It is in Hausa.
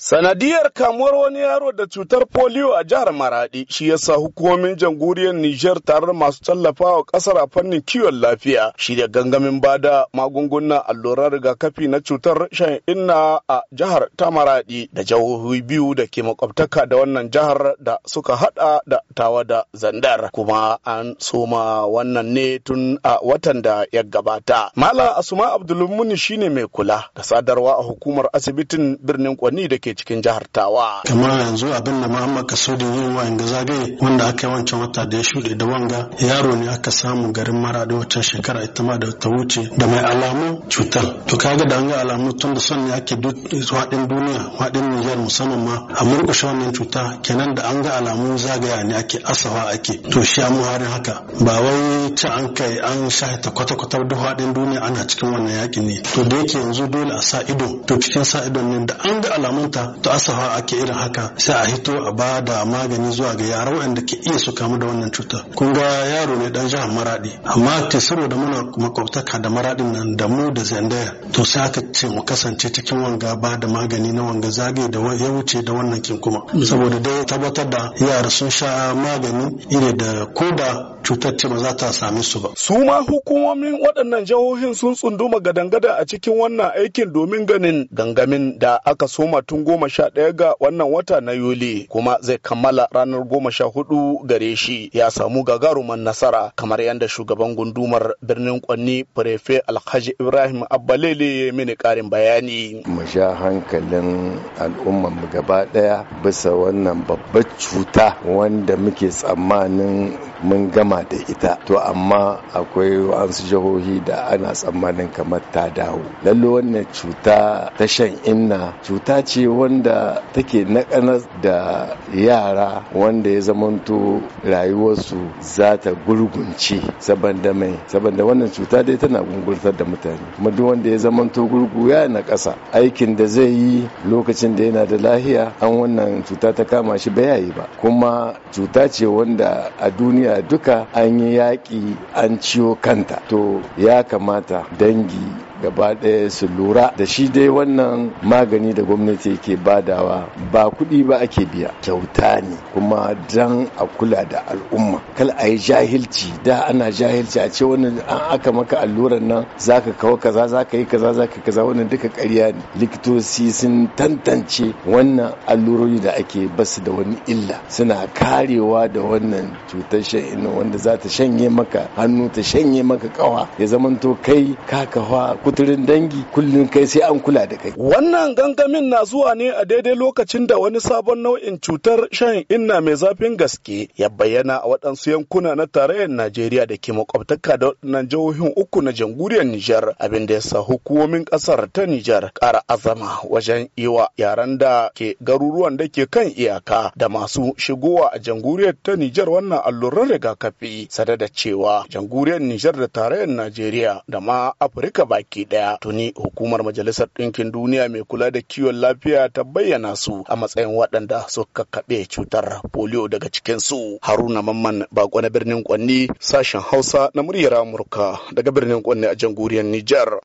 Sanadiyar kamuwar wani yaro da cutar polio a jihar Maradi shi yasa hukumomin jamhuriyar Nijar tare da masu tallafawa kasar a fannin kiwon lafiya shirya gangamin bada magunguna, allurar rigakafi na cutar shan inna a jihar ta Maradi da jihohi biyu da ke makwabtaka da wannan jihar da suka hada da tawa da zandar kuma an soma wannan ne tun a watan da ya gabata. Malam Asuma Abdulmuni shine mai kula da sadarwa a hukumar asibitin birnin Kwani da ke cikin jihar Tawa. Kamar yanzu abin da Muhammad Kasudin yin yanga zagaye wanda aka yi wancan wata da ya shuɗe da wanga yaro ne aka samu garin mara da wacce shekara ita ma da ta wuce da mai alamu cutar. To kaga da an ga alamu tun da son ne ake haɗin duniya waɗin Nijar musamman ma a murƙushe wannan cuta kenan da an ga alamun zagaya ne ake asawa ake. To shi mu harin haka ba wai ci an kai an shahita kwata-kwata duk haɗin duniya ana cikin wannan yaƙi ne. To da yake yanzu dole a sa ido to cikin sa idon ne da an ga alamun ta to asafa ake irin haka sai a hito a ba da magani zuwa ga yara waɗanda ke iya su kamu da wannan cuta kun ga yaro ne dan jihar maradi amma te saboda muna makwabtaka da maradin nan da mu da zandaya to sai aka ce mu kasance cikin wanga ba da magani na wanga zage da ya wuce da wannan kin kuma mm. saboda dai tabbatar da yara sun sha magani iri da koda cutar ce ba za ta same su ba. Su ma hukumomin waɗannan jihohin sun tsunduma gadangada a cikin wannan aikin domin ganin gangamin da aka soma tun goma sha ɗaya ga wannan wata na Yuli kuma zai kammala ranar goma sha hudu gare shi ya samu gagaruman nasara kamar yadda shugaban gundumar birnin Kwanni Firefe Alhaji Ibrahim Abbalele ya mini karin bayani. Mu sha hankalin al'ummar mu gaba ɗaya bisa wannan babbar cuta wanda muke tsammanin mun gama da ita to amma akwai wasu jihohi da ana tsammanin kamar ta dawo lallo wannan cuta ta shan inna cuta ce wanda take nakanas da yara wanda ya zamanto rayuwarsu za ta gurgunce saboda mai saboda wannan cuta dai tana gungurtar da mutane kuma duk wanda ya zamanto gurgu ya na ƙasa aikin da zai yi lokacin da yana da lahiya an wannan cuta ta kama shi ba yayi ba kuma cuta ce wanda a duniya duka an yi yaƙi an ciwo kanta to ya kamata dangi gaba ɗaya su lura da shi dai wannan magani da gwamnati ke badawa ba kuɗi ba ake biya kyauta ne kuma dan a kula da al'umma kal a yi jahilci da ana jahilci a ce wannan an aka maka alluran nan zaka kawo kaza zaka yi kaza zaka kaza wannan duka ƙarya ne likitoci sun tantance wannan allurori da ake basu da wani illa suna karewa da wannan cutar shan ina wanda za ta shanye maka hannu ta shanye maka kawa ya zamanto kai ka kawa kuturin dangi kullum kai sai an kula da kai wannan gangamin na zuwa ne a daidai lokacin da wani sabon nau'in cutar shan inna mai zafin gaske ya bayyana a waɗansu yankuna na tarayyar najeriya da ke makwabtaka da waɗannan jihohin uku na jamhuriyar nijar abin da ya sa hukumomin ƙasar ta nijar ƙara azama wajen iwa yaran da ke garuruwan da ke kan iyaka da masu shigowa a jamhuriyar ta nijar wannan alluran rigakafi sada da cewa jamhuriyar nijar da tarayyar najeriya da ma afirka baki baki daya tuni hukumar majalisar ɗinkin duniya mai kula da kiwon lafiya ta bayyana su a matsayin waɗanda suka kaɓe cutar polio daga cikin su haruna mamman bako na birnin kwanni sashen hausa na muryar amurka daga birnin kwanni a jamhuriyar nijar